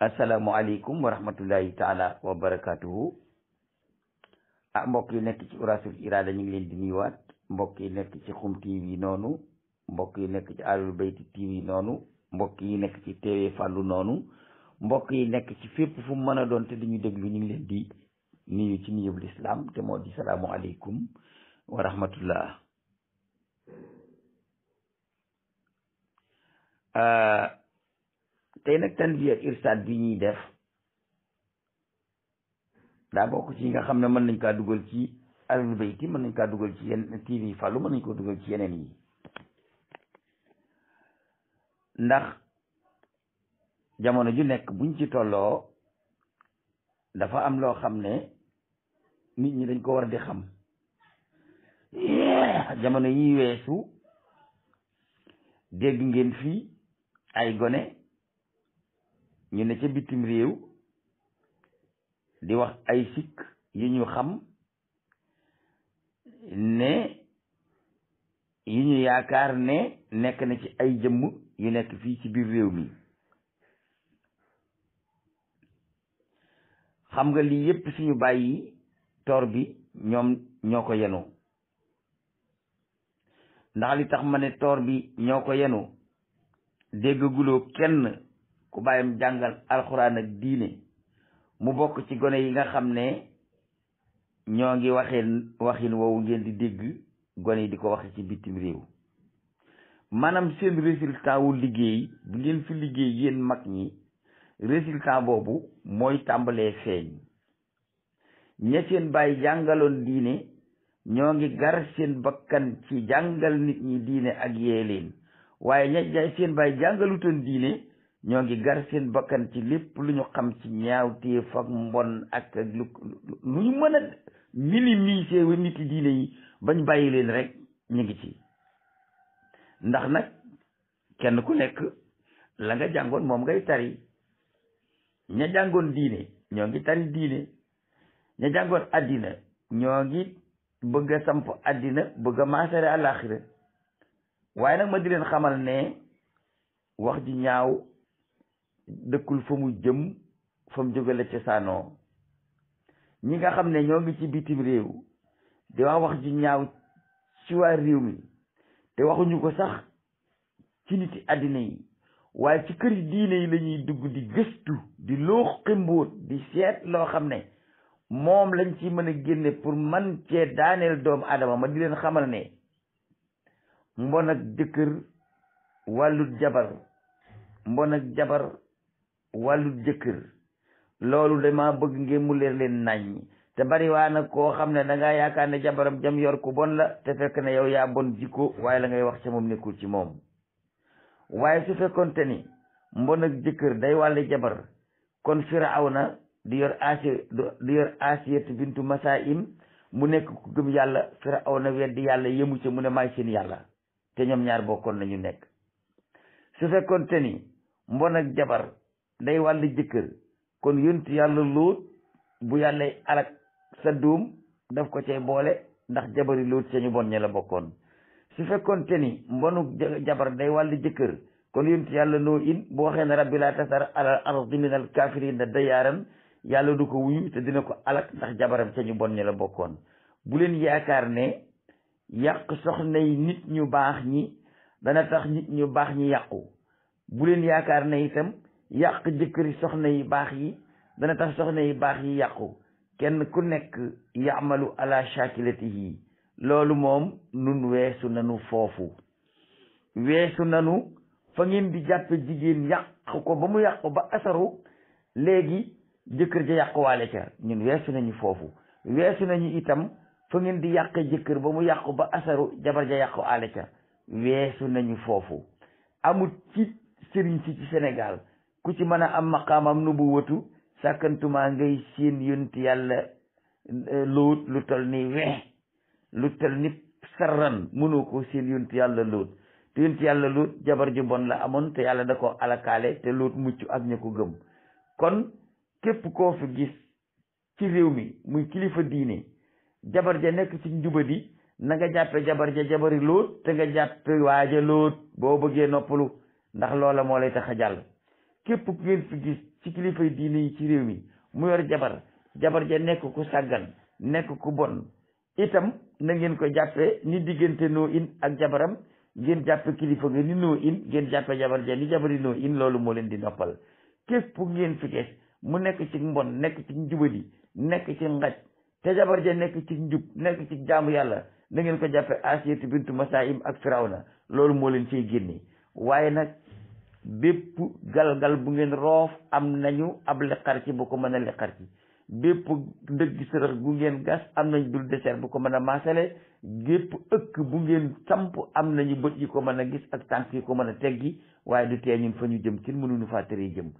asalaamualeykum wa rahmatullahi taala wa barakaatuhu ah mbokk yi nekk ci Urasul Irada ñu leen di nuyuwaat mbokk yi nekk ci Xum TV noonu mbokk yi nekk ci Ahlul Bayti TV noonu mbokk yi nekk ci TV Fàllu noonu mbokk yi nekk ci fépp fum mu mën a doon te dañu déglu ñu ngi leen di nuyu ci nuyub lislaam te moo di salaamualeykum wa rahmatullah ah, tey nag tanbiih ak irsaad bi ñuy def daa bokk ci nga xam ne mën nañ kaa dugal ci Ahlul mën nañ kaa dugal ci yenn TV Fallou mën ko dugal ci yeneen yi ndax jamono ju nekk buñ ci tolloo dafa am loo xam ne nit ñi dañ ko war di xam jamono yi weesu dégg ngeen fii ay gone ñu ne ca bitim réew di wax ay sikk yu ñu xam ne yi ñu yaakaar ne nekk na ci ay jëmm yu nekk fii ci biir réew mi xam nga lii yépp suñu bàyyi toor bi ñoom ñoo ko yenu ndax li tax ma ne toor bi ñoo ko yenu déggaguloo kenn ku bàyyam jàngal alxuraan ak diine mu bokk ci gone yi nga xam ne ñoo ngi waxeen waxin woowu ngeen di dégg gone yi di ko waxee ci bitim réew maanaam seen résultat wu liggéey bu ngeen fi liggéey yéen mag ñi résultat boobu mooy tàmbalee feeñ ña seen bàyyi jàngaloon diine ñoo ngi gar seen bakkan ci jàngal nit ñi diine ak yee leen waaye ña seen bàyyi jàngalutoon diine ñoo ngi gar seen bakkan ci lépp lu ñu xam ci ñaawteef ak mbon ak lu lu ñu mën a minimiser wa nit diine yi bañ bàyyi leen rek ñu ngi ci ndax nag kenn ku nekk la nga jàngoon moom ngay tari ña jàngoon diine ñoo ngi tari diine ña jàngoon àddina ñoo ngi bëgg a samp àddina bëgg a maasare àllaaxira waaye nag ma di leen xamal ne wax ji ñaaw dëkkul fa mu jëm fa mu jóge la cosaanoo ñi nga xam ne ñoo ngi ci bitim réew di wax wax ju ñaaw ci waa réew mi te waxuñu ko sax ci niti àddina yi waaye ci kër diine yi lañuy dugg di gëstu di loo ximbóot di seet loo xam ne moom lañ ci mën a génne pour man cee daaneel doomu aadama ma di leen xamal ne mbon ak jëkkër wàllut jabar mbon ak jabar wàllu jëkkër loolu dama bëgg ngeen mu leer leen naññ te bari waa nag koo xam ne da ngaa yaakaar ne jabaram jam yor ku bon la te fekk na yow yaa bon jikko waaye la ngay wax ca moom nekkul ci moom waaye su fekkonte ni mbon ak jëkkër day wàlle jabar kon firawna di yor asi di yor asiyat bintu mu nekk yàlla firawna weddi yàlla yëmu ca mu ne maay yàlla te ñoom ñaar bokkoon nañu nekk su fekkonte mbon ak jabar day wàllu jëkkër kon yonent yàlla lóot bu yàlla sa Sadduum daf ko cay boole ndax jabari lóot ca ñu bon ña la bokkoon su fekkoon te ni mbonu jabar day wàllu jëkkër kon yonent yàlla noo in boo waxee ne bi laa tasar alal di min al kaafiriin da dayaaran yàlla du ko wuyu te dina ko alak ndax jabaram ca ñu bon ña la bokkoon bu leen yaakaar ne yàq soxna yi nit ñu baax ñi dana tax nit ñu baax ñi yàqu bu leen yaakaar ne itam yàq jëkkëri soxna yi baax yi dana tax soxna yi baax yi yàqu kenn ku nekk yaamalu ala yi loolu moom nun weesu nanu foofu weesu nanu fa ngeen di jàppe jigéen yàq ko ba mu yàqu ba asaru léegi jëkkër ja yàquwaale ca ñun weesu nañu foofu weesu nañu itam fa ngeen di yàq jëkkër ba mu yàqu ba asaru jabar ja yàquwaale ca weesu nañu foofu amul ci sëriñ si ci Sénégal ku ci mën a am maqaamam nubuwatu sàkkantumaa ngay seen yonti yàlla euh, lóot lu tol ni wex lu tol ni sarran mënoo ko seen yàlla lóot te yonti yàlla lóot jabar ju bon la amoon te yàlla da ko alakaale te lóot mucc ak ña ko gëm kon képp ko fi gis ci réew mi muy kilifa diine jabar ja nekk ci njubadi na nga jàppe jabar ja jabari lóot te nga jàppe waaja lóot boo bëggee noppalu ndax loola moo lay tax a jàll képp ku ngeen fi gis ci kilifay diine yi ci réew mi mu yor jabar jabar ja nekk ku sàggan nekk ku bon itam na ngeen ko jàppee ni diggante noo in ak jabaram ngeen jàppe kilifa nga ni noo in ngeen jàppe jabar ja ni jabari noo in loolu moo leen di noppal képp ngeen fi gis mu nekk ci mbon nekk ci njubadi nekk ci ngaj te jabar ja nekk ci njub nekk ci jaamu yàlla na ngeen ko jàppe asiyatu bintu masaa masaim ak na loolu moo leen ciy génne waaye nag bépp galgal bu ngeen roof am nañu ab leqar ci bu ko mën a leqar ci bépp ndëgg sërëx bu ngeen gas am nañ dul deseer bu ko mën a maasale gépp ëkk bu ngeen samp am nañu bët yi ko mën a gis ak tànk yi ko mën a teggi waaye du tee ñun fa ñu jëm kenn mënuñu faa tëree jëm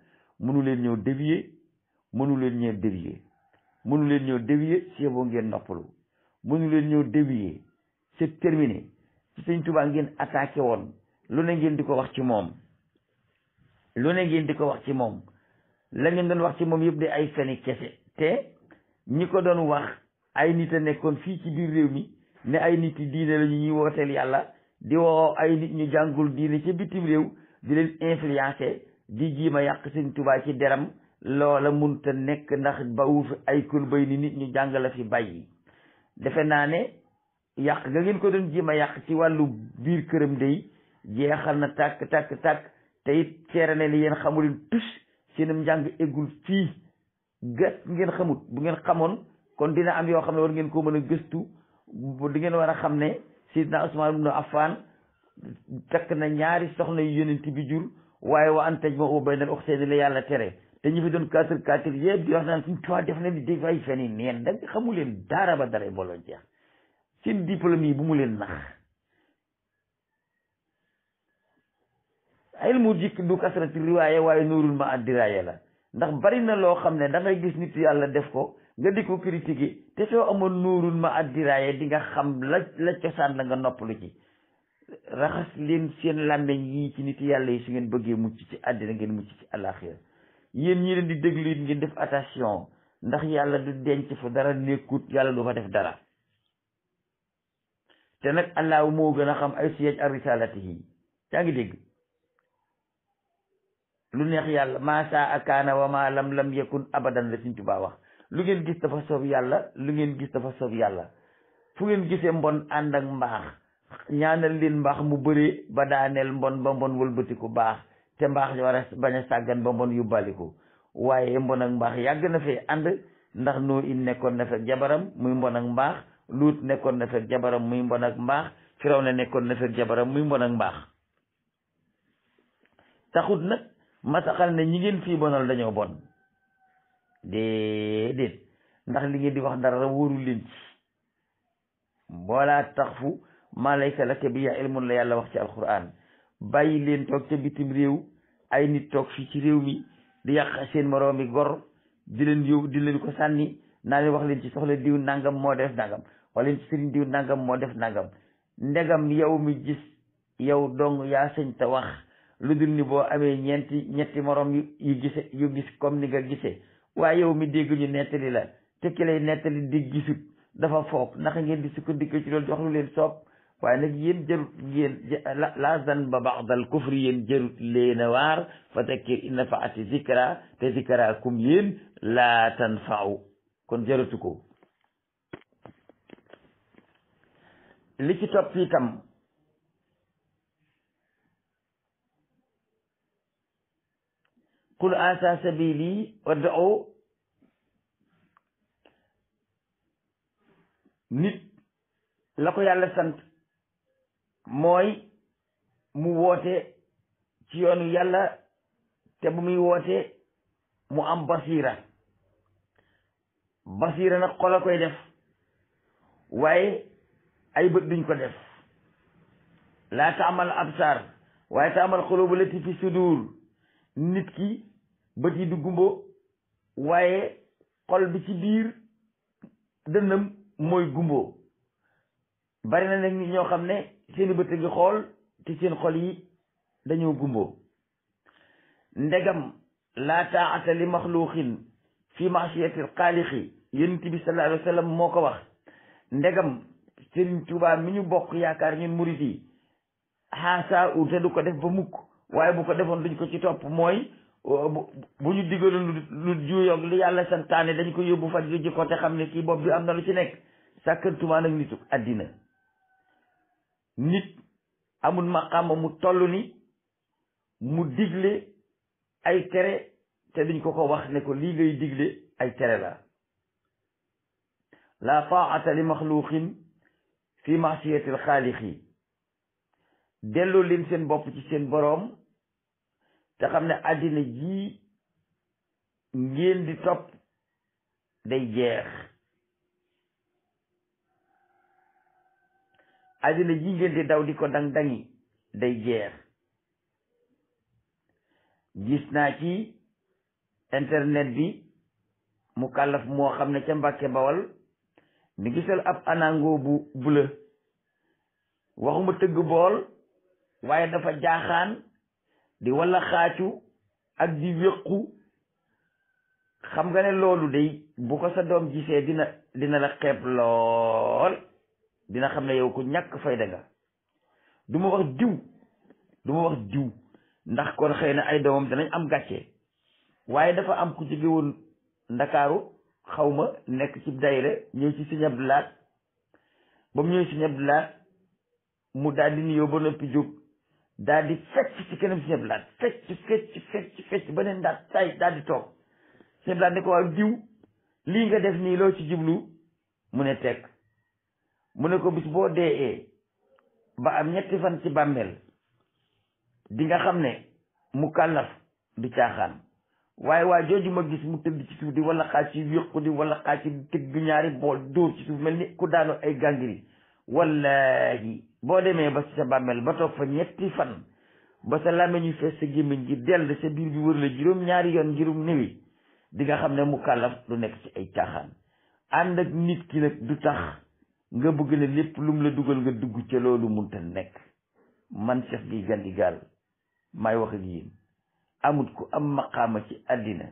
mënu leen ñëw dévier mënu leen ñëw dévier mënu leen ñëw dévier si boo ngeen noppalu mënu leen ñëw dévier c'est terminé ci sëñ Tuubaa ngeen attaqué woon lu ne ngeen di ko wax ci moom lu ne ngeen di ko wax ci moom la ngeen doon wax ci moom yëpp de ay feni kese te ñi ko doon wax ay nit a nekkoon fii ci biir réew mi ne ay nit yi diine la ñu ñuy wooteel yàlla di woo ay nit ñu jàngul diine ca bitim réew di leen influencer di jiima yàq seen tubaay ci deram loola munta nekk ndax ba wuuf ay kulbay ni nit ñu jàng la fi yi defe naa ne yàq nga ngeen ko doon jiima yàq ci wàllu biir këram day jeexal na tàkk tàkk tàkk te it ceere ne ni yéen xamuleen tus seenum njàng eggul fii gas ngeen xamut bu ngeen xamoon kon dina am yoo xam ne war ngeen koo mën a gëstu di ngeen war a xam ne sidna Usmaan ibnu Affaan takk na ñaari soxna yu yonent bi jur waaye wa an tajma'u baynal ukhtayn la yàlla tere te ñu fi doon kaatir kaatir yëpp di wax naan suñ tuwi def na ni dafay feni neen da nga xamu leen dara ba dara mbooloo jeex seen diplôme yi bu mu leen nax ay ilmu dikk du kasratu riwaaya waaye nuurul ma addiraaya la ndax bari na loo xam ne da gis nit yàlla def ko nga di ko critiquer te soo amoon nuurul ma addiraaya di nga xam la la cosaan la nga noppalu ci raxas leen seen làmmeñ yi ci nit yàlla yi su ngeen bëggee mucc ci àddina ngeen mucc ci àllaaxira yéen ñi leen di déglu it ngeen def attention ndax yàlla du denc fu dara nekkut yàlla du fa def dara te nag allahu moo gën a xam ay siyaj ar risalati yi yaa lu neex yàlla ma saa akaana wa ma lam lam yakun abadan la Sëriñ Tuubaa wax lu ngeen gis dafa soob yàlla lu ngeen gis dafa soob yàlla fu ngeen gisee mbon ànd ak mbaax ñaanal leen mbaax mu bëree ba daaneel mbon ba mbon wëlbatiku baax te mbaax war a bañ a sàggan ba mbon yóbbaliku waaye mbon ak mbaax yàgg na fee ànd ndax noo in nekkoon na fekk jabaram muy mbon ak mbaax nekkoon na fekk jabaram muy mbon ak mbaax firaw na nekkoon na fekk jabaram muy mbon ak mbaax taxut nag mataxal na ñi ngeen fii bonal dañoo bon déedéet ndax li ngeen di wax dara wóoru leen ci boolaa tax fu malayka laka bi yaa ilmun la yàlla wax ci alquran bàyyi leen toog ca bitim réew ay nit toog fii ci réew mi di yàq seen moroomi gor di leen yóbbu di leen ko sànni naa leen wax leen ci soxla diw nangam moo def nangam wala leen ci sëriñ diw nangam moo def nangam ndegam yow mi gis yow dong yaa sëñ te wax lu dul ni boo amee ñeenti ñetti moroom yu yu gise yu gis comme ni nga gisee waaye yow mi dégg ñu nettali la te ki lay nettali di gisut dafa foog ndax ngeen di sukkandiku ci loolu jox lu leen soob waaye nag yéen jarut yéen la zan ba baxdal kufri yéen jarut leen a waar fa takkir inna faati zikra te zikra kum yéen laa tanfaaw kon jaratu ko li ci topp itam qul asa sabili wad'u nit la ko yàlla sant mooy mu woote ci yoonu yàlla te bu muy woote mu am basira basira na xol koy def waaye ay bët duñ ko def laa taamal absar waaye taamal xulubu lati fi sudur nit ki bët yi di gumbo waaye xol bi ci biir dënnam mooy gumbo bari na nag ñi ñoo xam ne seeni bët ngi xool te seen xol yi dañoo gumbo ndegam laa taata li maxluuqin fi maasiyatil xaaliqi yonent bi sallallahu alayhi wa sallam moo ko wax ndegam Sëriñ Tuubaa mi ñu bokk yaakaar ñun murit yi xaasaa u te du ko def ba mukk waaye bu ko defoon duñ ko ci topp mooy Euh, bu ñu digaloon lu juyoog lu yàlla santaane dañ ko yóbbu fa di jikko te xam ne kii bopp bi am na lu ci nekk sàkkantumaa nag nituk àddina nit amul maqaama mu toll ni mu digle ay tere te duñ ko ko wax ne ko lii ngay digle ay tere la la taata li maxluqin fi masiyati alxaaliqi delloo leen seen bopp ci seen boroom te xam ne àddina jii ngeen di topp day jeex àddina ji ngeen di daw di ko dang-dangi day jeex gis naa ci internet bi mu kàllaf moo xam ne ca Mbàkke Bawal mi gisal ab anango bu bula waxuma tëgg bool waaye dafa jaaxaan di wala xaacu ak di wéqu xam nga ne loolu day bu ko sa doom gisee dina dina la xeeb lool dina xam ne yow ku ñàkk fayda nga du ma wax diw du wax diw ndax kon xëy na ay doomam danañ am gàcce waaye dafa am ku jóge woon ndakaaru xaw ma nekk ci dayre ñëw ci Sëñ Abdu Lahat ba mu ñëw Sëñ Abdu mu daal di nuyoo ba noppi jóg daal di fecc ci kanam Sëñ Abdu Lahat fecc fecc fecc fecc ba neen daal tay daal di toog Sëñ Abdu Lahat ne ko waaw diw lii nga def nii loo ci jiblu mu ne teg mu ne ko bis boo dee ba am ñetti fan ci bàmmeel di nga xam ne mu kàllaf du caaxaan waaye waa jooju ma gis mu tëdd ci suuf di wala xaaj ci yëqu di wala xaaj ci tëgg ñaari bool dóor ci suuf mel ni ku daanoo ay gàngiri wallaahi boo demee ba ci sa bàmmeel ba toog fa ñetti fan ba sa làmmiñu fees sa gémmiñ gi dell sa biir bi wër la juróom ñaari yoon ngirum néwi di nga xam ne mu kàllaf lu nekk ci ay caaxaan ànd ak nit ki nag du tax nga bëgg ne lépp lum la dugal nga dugg ca loolu munta nekk man Cheikh Gueye Gandigal maay wax ak yéen amut ku am maqaama ci àddina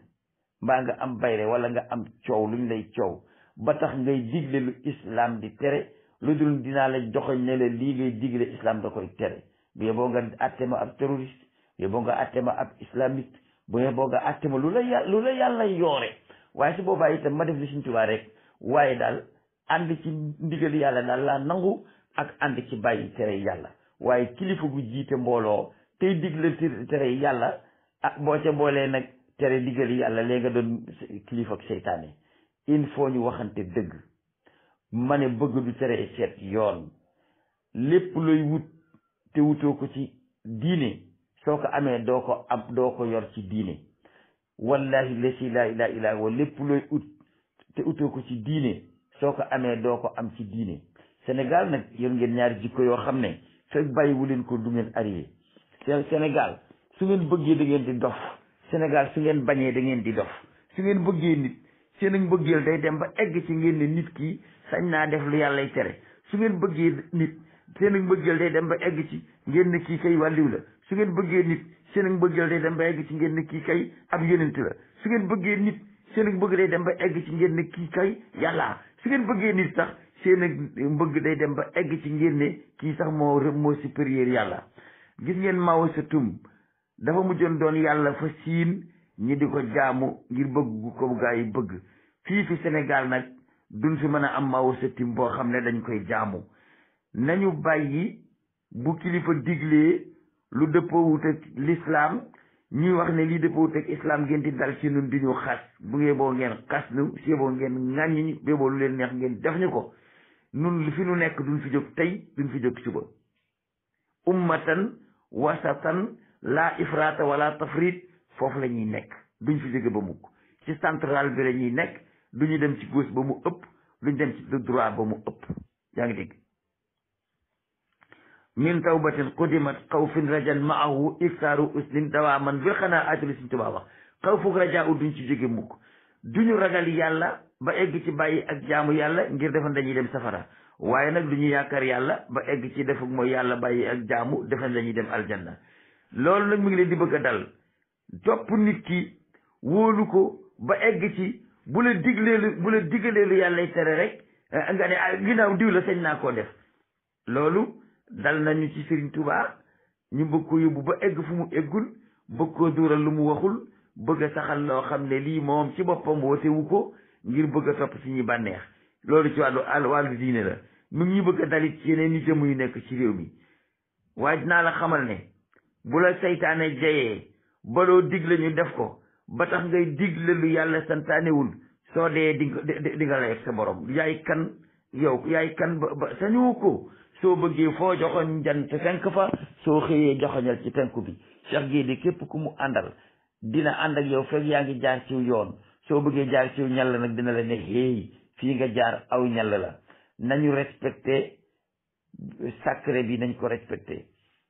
mbaa nga am bayre wala nga am coow luñ lay coow ba tax ngay digle lu islam di tere lu dul dinaa la joxoñ ne la lii ngay digle islam da koy tere bu yeboo nga atte ma ab terroriste bu nga atte ma ab islamiste bu yeboo nga atte ma lu la yàlla la yàlla yoore waaye su boobaa itam ma def li suñ tubaa rek waaye daal ànd ci ndigal yàlla daal laa nangu ak ànd ci bàyyi tere yàlla waaye kilifa gu jiite mbooloo tey digle tere yàlla ah boo ca boolee nag tere digal yàlla léegi nga doon kilifa ak seytaane il faut ñu waxante dëgg ma ne bëgg du tere seet yoon lépp looy wut te wutoo ko ci diine soo ko amee doo ko am doo ko yor ci diine wallahi lesi laa ilaa ilaa lépp looy ut te utoo ko ci diine soo ko amee doo ko am ci diine Sénégal nag yor ngeen ñaar jikko yoo xam ne fekk bàyyiwu leen ko du ngeen arrivé Sénégal su ngeen bëggee da ngeen di dof Sénégal su ngeen bañee da ngeen di dof su ngeen bëggee nit seen ak mbëggeel day dem ba egg ci ngeen nit ki sañ naa def lu yàllay tere su ngeen bëggee nit seen mbëggeel day dem ba egg ci ngeen ne kii kay wàlliw la su bëggee nit seen mbëggeel dem ba ci ngeen ne kii kay ab yonent la su ngeen bëggee nit seen mbëgg day dem ba egg ci ngeen ne kii kay yàlla su ngeen bëggee sax seen mbëgg day dem ba egg ci ngeen ne kii sax moo moo supérieur yàlla gis ngeen Mao Setoum dafa mujjoon doon yàlla fa siin ñi di ko jaamu ngir bëgg gu ko gaa yi bëgg fii fi Sénégal nag duñ fi mën a am maaw settim boo xam ne dañ koy jaamu nañu bàyyi bu kilifa diglee lu dëppoowut ak lislaam ñuy wax ne lii dëppoowut ak islaam ngeen di dal ci ñun di ñu xas bu ngee boo ngeen xas nu si boo ngeen ŋàññi béboo lu leen neex ngeen def ñu ko nun fi nu nekk duñ fi jóg tey duñ fi jóg suba ummatan wasatan laa ifrata wala tafrit foofu la ñuy nekk duñ fi jóge ba mukk ci central bi la nekk du ñu dem ci gauche ba mu ëpp du ñu dem ci droit ba mu ëpp yaa ngi dégg min tawbatin qudimat xawfin rajan maahu iftaaru uslin dawaaman bil xanaa atali suñ tubaa wax xaw fuk rajaa u duñ ci jóge mukk du ñu ragal yàlla ba egg ci bàyyi ak jaamu yàlla ngir defen dañuy dem safara waaye nag du ñu yaakaar yàlla ba egg ci defuk mooy yàlla bàyyi ak jaamu defen dañuy dem aljanna loolu nag mu ngi leen di bëgg a dal topp nit ki wóolu ko ba egg ci bu la diglee lu bu la digalee lu yàllay tere rek eh, nga ne ah ginnaaw diw la sañ naa koo def loolu dal nañu ci Serigne Touba ñu bëgg ko yóbbu ba egg fu mu eggul bëgg koo duural lu mu waxul bëgg a saxal loo xam ne lii moom ci boppam woote ko ngir bëgg a topp suñuy bànneex loolu ci wàllu al wàllu diine la mu ngi ñu bëgg a dalit ci yeneen nit muy nekk ci réew mi waaj naa la xamal ne bu la seytaane jayee baloo digle ñu def ko ba tax ngay digle lu yàlla santaanewul soo dee di di nga layeeg sa borom yaay kan yow yaay kan ba ba sañu ko soo bëggee foo joxoñ jant fenk fa soo xëyee joxoñal ci penku bi Cheikh Guédé képp ku mu àndal dina ànd ak yow fekk yaa ngi jaar ci yoon soo bëggee jaar ci ñàll nag dina la ne fii nga jaar aw ñal la nañu respecté sacré bi nañ ko respecté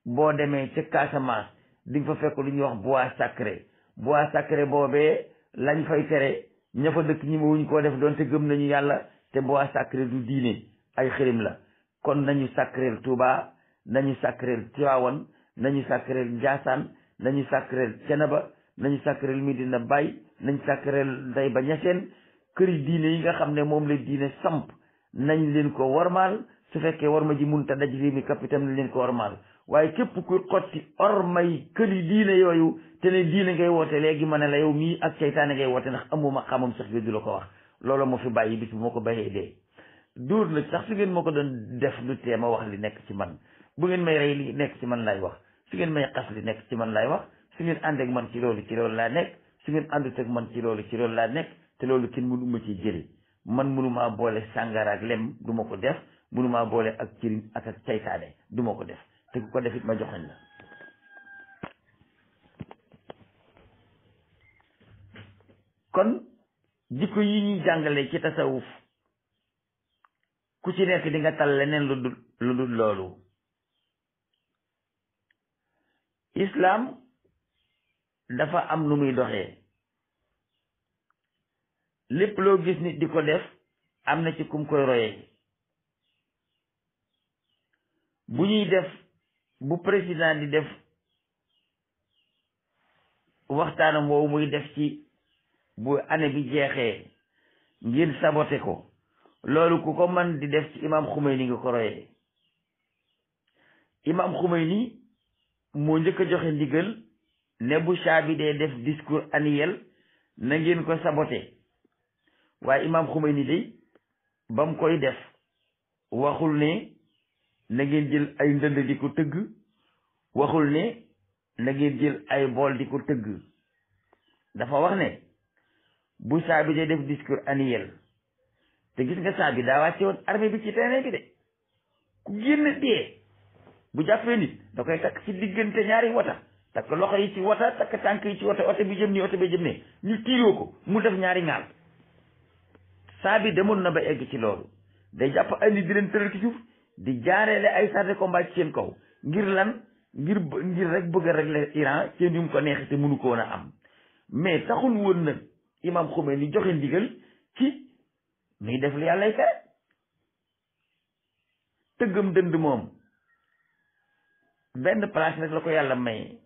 boo demee ca Casamance di nga fa fekk lu ñuy wax bois sacré bois sacré boobee lañ fay tere ña fa dëkk ñi ma wuñ koo def doonte gëm nañu yàlla te bois sacré du diine ay xërim la kon nañu sacrel Touba nañu sacrel Tivaouane nañu sacrel Ndiassane nañu sacrel Cenaba nañu sacrel Medina Baye nañu sacrel Ndayba Niassène këri diine yi nga xam ne moom la diine samp nañ leen ko warmaal su fekkee warma ji munta daj réew mi kapitam nañ leen ko warmaal waaye képp kuy xotti ormay këli diine yooyu te ne diine ngay woote léegi ma ne la yow mii ak seytaane ngay woote ndax amoo ma xamam sax bi du la ko wax loolu moo fi bàyyi bis bu moo ko bàyyee dee duur nag sax su ngeen moo ko doon def lu tee ma wax li nekk ci man bu ngeen may rey li nekk ci man laay wax su ngeen may xas li nekk ci man laay wax su ngeen ànd ak man ci loolu ci loolu laa nekk su ngeen àndut ak man ci loolu ci loolu laa nekk te loolu kenn mënu ma ci jëli man mënumaa boole sàngara ak lem du ko def mënumaa boole ak ciriñ ak ak seytaane du ko def te ku ko defit ma joxañ la kon jikko yi ñuy jàngale ci tasawuf ku ci nekk di nga tal leneen lu dul lu dul loolu islaam dafa am nu muy doxee lépp loo gis nit di ko def am na ci kum koy royee bu ñuy def bu président di def waxtaanam woowu muy def ci bu année bi jeexee ngir sabote ko loolu ku ko man di def ci imam Khomeini nga ko royee imam Khomeini moo njëkk a joxe ndigal ne bu caa bi dee def discours annuel na ngeen ko sabote waaye imam Khomeini day ba mu koy def waxul ne na jël ay ndënd di ko tëgg waxul ne na ngeen jël ay bool di ko tëgg dafa wax ne bu saa bi dee def discours annuel te gis nga saa daa wàcce woon armée bi ci terrain bi de ku génn dee bu jàppee nit da koy takk ci diggante ñaari wata takk loxo yi ci wata takk tànk yi ci wata oto bi jëm nii oto bi jëm ne ñu tiiroo ko mu def ñaari ŋaal saa bi demoon na ba egg ci loolu day jàpp ay nit di leen tëral di jaareele ay chars ko combat ci seen kaw ngir lan ngir ngir rek bëgg a régler Iran seen yu mu ko neexee te mënu koo woon a am mais taxul woon nag imam Khomeini joxe ndigal ci muy def li yàllay tere tëggam dënd moom benn place rek la ko yàlla may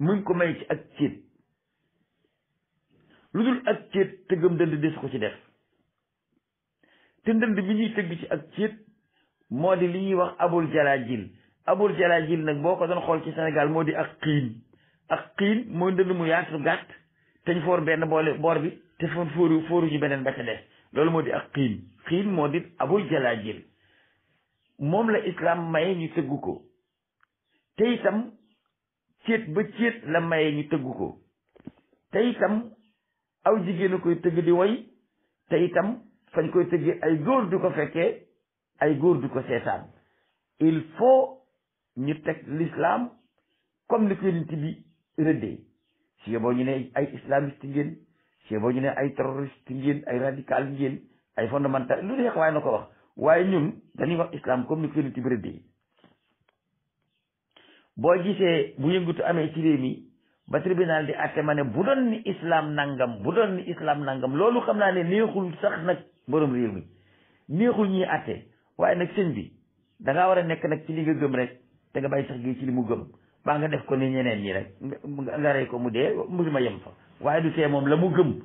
muñ ko may ci ak céet lu dul ak céet tëggam dënd des ko ci def te ndënd bi ñuy tëgg ci ak céet moo di li ñuy wax abul jalajil abul jalajil nag boo ko doon xool ci Sénégal moo di ak xiin ak xiin mooy ndënd mu yaatu gàtt teñ foor benn ñu beneen ba ca des loolu moo di ak xiin xiin abul jalajil moom la islam maye ñu tëggu ko te itam céet ba céet la maye ñu tëgg ko te itam aw jigéen a koy tëgg di woy te itam fañ koy tëjee ay góor du ko fekkee ay góor du ko seetaan il faut ñu teg l'islam comme ni ko yonent bi rëddee si yoboo ñu ne ay islamiste ngeen si yoboo ñu ne ay terroriste ngeen ay radical ngeen ay fondamental lu neex waaye na ko wax waaye ñun dañuy wax islam comme ni ko yonent bi rëddee boo gisee bu yëngutu amee ci réew mi ba tribunal di àtte ma ne bu doon ni islam nangam bu doon ni islam nangam loolu xam naa ne neexul sax nag borom réew mi neexul ñuy àtte waaye nag sëñ bi da ngaa war a nekk nag ci li nga gëm rek te nga bàyyi sax gi ci li mu gëm baa nga def ko ni ñeneen ñi rek nga rey ko mu dee ma yem fa waaye du tee moom la mu gëm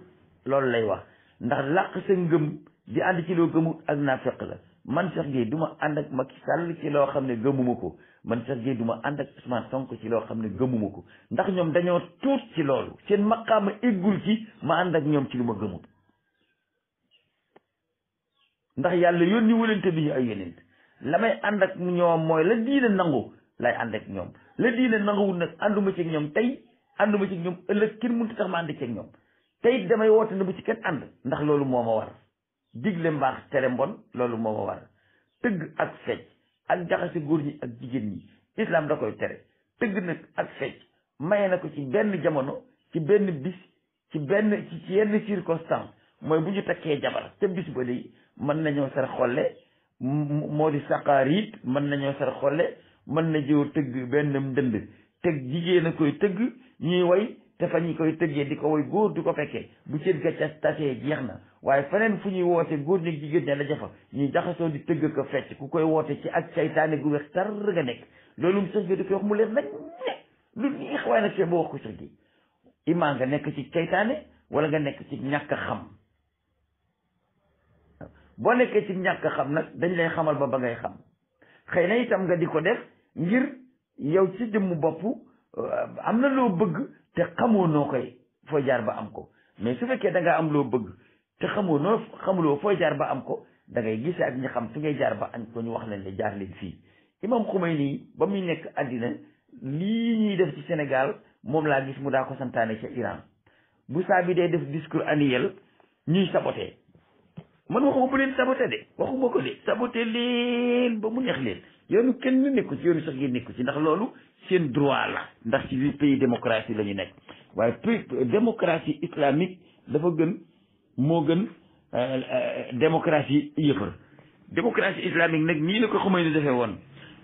loolu lay wax ndax làq sa ngëm di ànd ci loo gëmu ak naa fekk la man Cheikh Gueye du ma ànd ak Macky Sall ci loo xam ne gëmuma ko man Cheikh Gueye du ma ànd ak Ousmane Sonko ci loo xam ne gëmuma ko ndax ñoom dañoo tuut ci loolu seen maqaama éggul ci ma ak ñoom ci lu ma gëmul ndax yàlla yoon yónni wulante bi ñu ay yonent la may ànd ak ñoom mooy la diine nangu lay ànd ak ñoom la diine nanguwul nag ànduma ci ñoom tey ànduma ci ñoom ëllëg kenn mënut tax ma ànd ci ñoom tey damay woote na bu ci kenn ànd ndax loolu moo ma war digle mbaax tere mbon loolu moo ma war tëgg ak fecc ak jaxase góor ñi ak jigéen ñi islam da koy tere tëgg nag ak fecc maye na ko ci benn jamono ci benn bis ci benn ci yenn circonstance mooy bu ñu takkee jabar ca bis ba léegi mën nañoo sar xolle moo di saqaar it mën nañoo sar xolle mën na jëw tëgg benn ndënd tëgg jigéen a koy tëgg ñuy woy te fa ñu koy tëggee di ko woy góor di ko fekkee bu cër ga ca tasee jeex na waaye feneen fu ñuy woote góor ñi jigéen ña la jafa ñuy jaxasoo di tëgg ko fecc ku koy wootee ci ak seytaane gu weex tar nga nekk loolu mu sëx bi di koy wax mu leen nag ne lu neex waaye nag te boo wax ko sëx gi nga nekk ci saytaane wala nga nekk ci ñàkk xam boo nekkee ci ñàkk xam nag dañ lay xamal ba ba ngay xam xëy na itam nga di ko def ngir yow ci jëmmu bopp euh, am na loo bëgg te xamoo noo koy fooy jaar ba am ko mais su fekkee da ngaa am loo bëgg te xamoo xamuloo fooy jaar ba am ko da ngay gisee ak ñi xam fi ngay jaar ba am ko ñu wax leen ne jaar leen fii imam nii ba muy nekk àddina lii ñuy def ci Sénégal moom laa gis mu daa ko santaane ca Iran bu saa bi dee def discours annuel ñuy saboté man waxuma bu leen saboté de waxuma ko de saboté leen ba mu neex leen yoonu kenn nekku ci yoonu sax ngeen nekku ci ndax loolu seen droit la ndax ci biir pays démocratie la nekk waaye démocratie islamique dafa gën moo gën euh, euh, démocratie yëfër démocratie islamique nag nii la ko xamay ni defee woon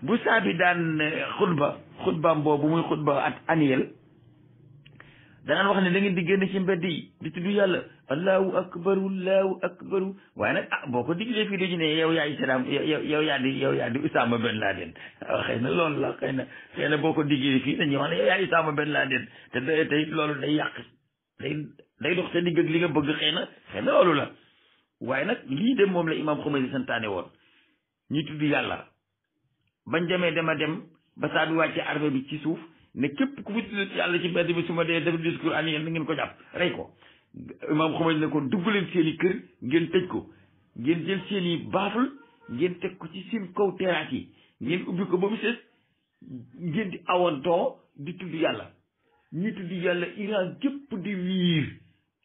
bu saa bi daan euh, xutba xutbaam boobu muy xutba at annuel danaan wax ne da di génn ci mbedd yi di tudd yàlla allahu akbaru allahu akbaru waaye nag ah boo ko diglee fii dañu ne yaay Saddam yow yaa di yow yaa di Usama Ben ah, na loolu la xëy na xëy na boo ko diglee fii dañuy wax ne yow yaa Usama Ben Laden te day tey loolu day yàq day dox sa digg ak li nga bëgg xëy na xëy na loolu la waaye nag lii dem moom la imaam Khomeini santaane woon ñu tudd yàlla bañ demee dema dem ba saa bi wàcce armée bi ci suuf ne képp ku fi yàlla ci mbedd bi su ma dee def discours ani yéen na ngeen ko jàpp rey ko imaam Khomeini ne ko dugg leen seen i kër ngeen tëj ko ngeen jël seen i baaful ngeen teg ko ci seen kaw teraat yi ngeen ubbi ko ba mu sees ngeen di awantoo di tudd yàlla ñi tudd yàlla Iran gépp di wiir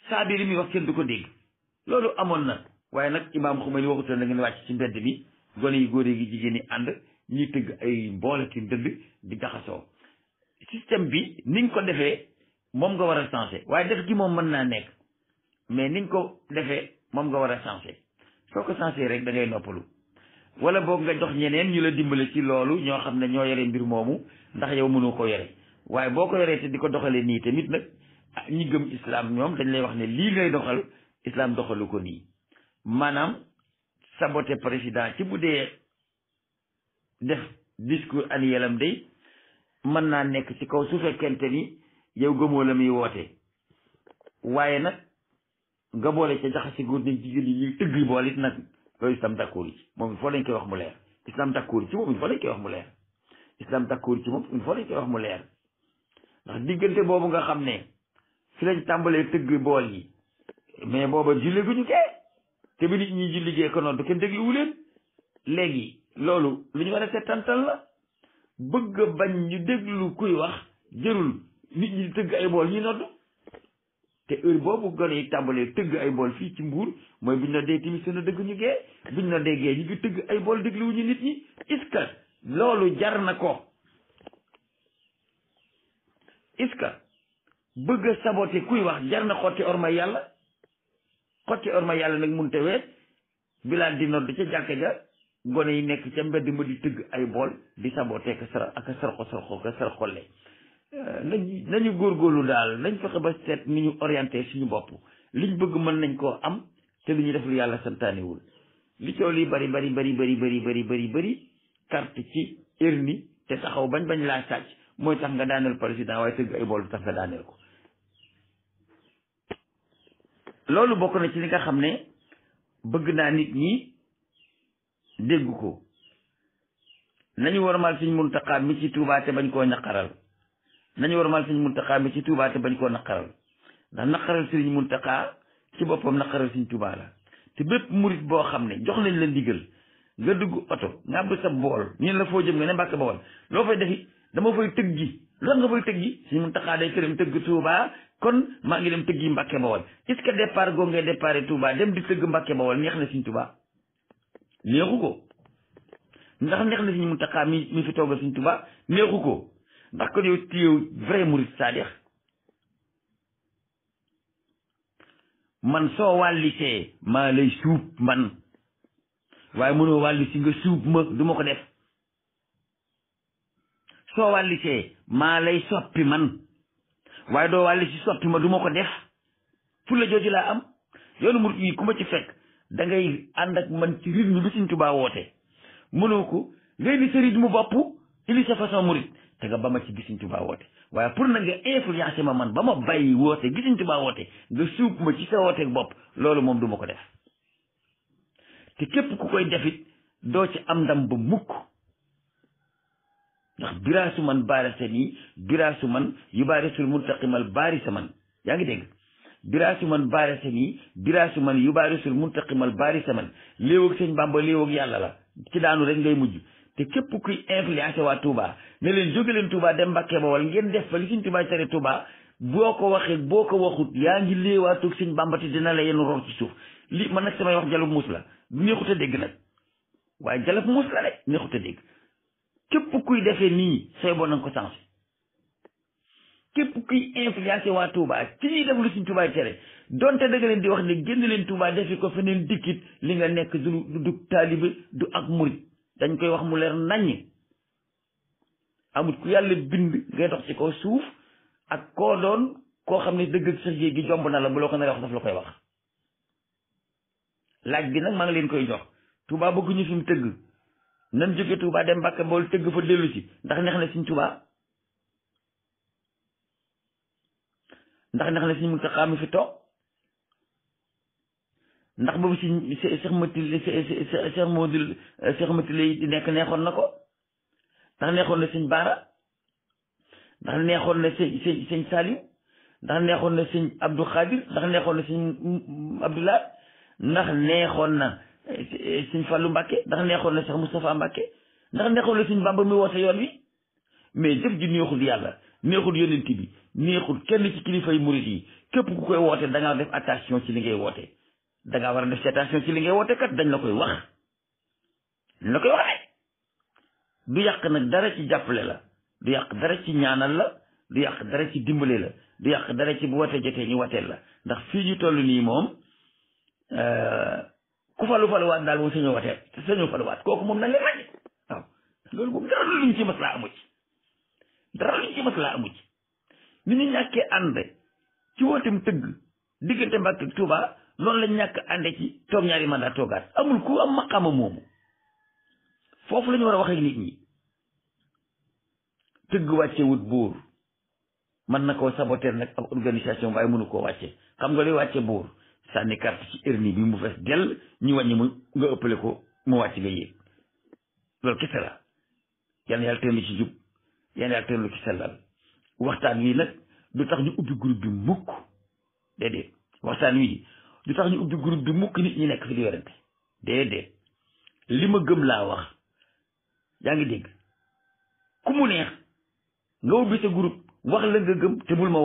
saabir yi muy wax kenn du ko dégg loolu amoon na waaye nag imaam Khomeini waxutoon na ngeen wàcc ci mbedd mi gone yi góor yi jigéen ñi ànd ñuy tëgg ay mboole ci ndënd di jaxasoo système bi ni nga ko defee moom nga war a changé waaye def gi moom mën naa nekk mais ni nga ko defee moom nga war a changé soo ko changé rek da ngay noppalu wala boog nga jox ñeneen ñu la dimbale ci loolu ñoo xam ne ñoo yore mbir moomu ndax yow mënu ko yore waaye boo ko yoree te di ko doxalee nii tamit nag ah, ñi gëm islam ñoom dañ lay wax ne lii ngay doxal islam doxalu ko nii maanaam saboté président ci bu dee def discours annuel am day mën naa nekk ci kaw su fekkente ni yow gëmoo la muy woote waaye nag nga boole ca jaxasi góor nañ ci julli ñuy tëgg bool it nag loolu islam d'accord ci moom il faut lañ koy wax mu leer islam d'accord ci moom il faut lañ koy wax mu leer islam d'accord ci moom mu leer ndax diggante boobu nga xam ne fi lañ tàmbalee tëgg bool yi mais booba julli gu ñu kee te bi nit ñi julli gee ko noonu kenn dégluwu leen léegi loolu lu ñu war a setantal la bëgg a bañ ñu déglu kuy wax jërul nit ñi tëgg ay bool ñuy nodd te heure boobu gone yi tàmbalee tëgg ay bool fii ci mbuur mooy buñ noddee tamit seen dëgg ñu gee buñ noddee gee ñu ngi tëgg ay bool dégluwuñu nit ñi est-ce que loolu jar na ko est bëgg a saboté kuy wax jar na xotti orma yàlla xotti orma yàlla nag mun te weet bilaal di nodd ca jàkka ja gone yi nekk ca mbedd ma di tëgg ay bool di saboté ka sar ak sarxo sarxo ka sarxolle nañ euh, nañu góorlu daal nañ fexe ba seet ni ñu orienté suñu bopp liñ bëgg mën nañ koo am te lu ñu def lu yàlla santaanewul li coow li bari bari bari bari bari bari bari bari carte ci hernie te taxaw bañ bañ laa sàcc mooy tax nga daaneel président waaye tëgg ay bool tax nga daaneel ko loolu bokk na ci li nga xam ne bëgg naa nit ñi dégg ko nañu warmal mun Muntaxa mi ci Tuubaa te bañ koo naqaral nañu warmal mun Muntaxa mi ci Tuubaa te bañ koo naqaral ndax naqaral mun Muntaxa ci boppam naqaral Sëñ Tuubaa la te bépp murit boo xam ne jox nañ la ndigal nga dugg oto nga àbb sa bool ñu la foo jëm nga ne Mbàkke Bawol loo fay defi dama fay tëgg ji lan nga fay tëgg ji Sëñ Muntaxa day këram tëgg Tuubaa kon maa ngi dem tëgg yi Mbàkke Bawol est-ce que départ goo ngay départ Tuubaa di tëgg Mbàkke Bawol neex na Sëñ Tuubaa neexu ko ndax neex na si ñu mu taqaa mi mi fi toogal suñ tuba neexu ko ndax kon yow tu yow vrai murid saadix man soo wàllisee maa lay suub man waaye mënoo wàlli si nga suub ma du ma ko def soo wàllisee maa lay soppi man waaye doo wàlli si soppi ma du ma ko def fu la jooju laa am yoonu murid yi ku ma ci fekk da ngay ànd ak man ci rythme bi Sëriñ Tuubaa woote mënoo ko ngay ni sa rythme bopp ili sa façon murit te nga ba ma ci bi Sëriñ Tuubaa woote waaye pour na nga influencé ma man ba ma bàyyi woote gi Sëriñ Tuubaa woote nga suub ma ci sa wootee bopp loolu moom duma ko def te képp ku koy defit doo ci am ndam ba mukk ndax biraasu man baarasa nii biraasu man yu baarisul baari sa man yaa ngi dégg biraasu man baarisa nii biraasu man yu baarisul muntaqimal baarisa man léewoog sëñ Bamba léewoog yàlla la ci daanu rek ngay mujj te képp kuy influencé waa Touba ne leen jóge leen Touba dem Mbàkke Bawol ngeen def fa li sëñ Touba tere Touba boo ko waxee boo ko waxut yaa ngi léewaatoog sëñ Bamba te dina la yenn ror ci suuf li man nag samay wax jalub muus la neexut a dégg nag waaye jalub muus la rek neexut a dégg képp kuy defee nii say bon ko sens képp kuy influencé waa Touba ci ñuy def lu suñ Touba tere donte da nga leen di wax ne génn leen Touba defi ko feneen dikkit li nga nekk du du taalibe du ak murit dañ koy wax mu leer naññ amut ku yàlla bind ngay dox ci kaw suuf ak koo doon koo xam ne dëgg ak sax gi jomb na la bu loo ko naree wax daf la koy wax laaj bi nag maa ngi leen koy jox Touba bëgguñu fi mu tëgg nan jóge Touba dem Mbàkke Bawol tëgg fa dellu si ndax neex na suñ Touba ndax ndax na si Muntaxa mi fi toog ndax boobu si Cheikh Matilé Cheikh Modou Cheikh Matilé di nekk neexoon na ko ndax neexoon na sëñ Baara ndax neexoon na sëñ sëñ sëñ Salim ndax neexoon na sëñ Abdou Khadir ndax neexoon na sëñ Abdoulaye ndax neexoon na sëñ Fallou Mbacké ndax neexoon na Cheikh Moustapha Mbacké ndax neexoon na sëñ Bamba mi woote yoon wi mais jëf ji neexul yàlla neexul yonent bi neexul kenn ci yi murit yi képp ku koy wootee dangaa def attention ci li ngay wootee dangaa war a def ci attention ci li ngay woote kat dañ la koy wax dañ la koy wax du yàq nag dara ci jàppale la du yàq dara ci ñaanal la du yàq dara ci dimbale la du yàq dara ci bu wote jotee ñu wateel la ndax fii ñu toll nii moom euh, ku falu faluwaat daal moom sañoo wateel sañoo faluwaat kooku moom na leen ràññee loolu moom dara luñ ci mas dara luñ ci maslaa amu ci ni ñu ñàkkee ànd ci wootem tëgg diggante Mbàkke Tuuba loolu lañ ñàkk ànde ci toog ñaari mandat toogaat amul ku am maqaama moomu foofu la ñu war a waxee nit ñi tëgg wàcce wut buur mën na koo saboteer nag ab organisation waaye mënu koo wàcce xam nga luy wàcce buur sànni carte ci hernie bi mu fees dell ñu wàññi mu nga ëppale ko mu wàcc nga yéeg loolu kese la yal na ci jub yéen daal teelu ci sellal waxtaan wi nag du tax ñu ubbi groupe bi mukk déedéet waxtaan wi du tax ñu ubbi groupe bi mukk nit ñi nekk fi di werante déedéet li ma gëm laa wax yaa ngi dégg ku mu neex nga ubbi sa groupe wax la nga gëm te bul ma woo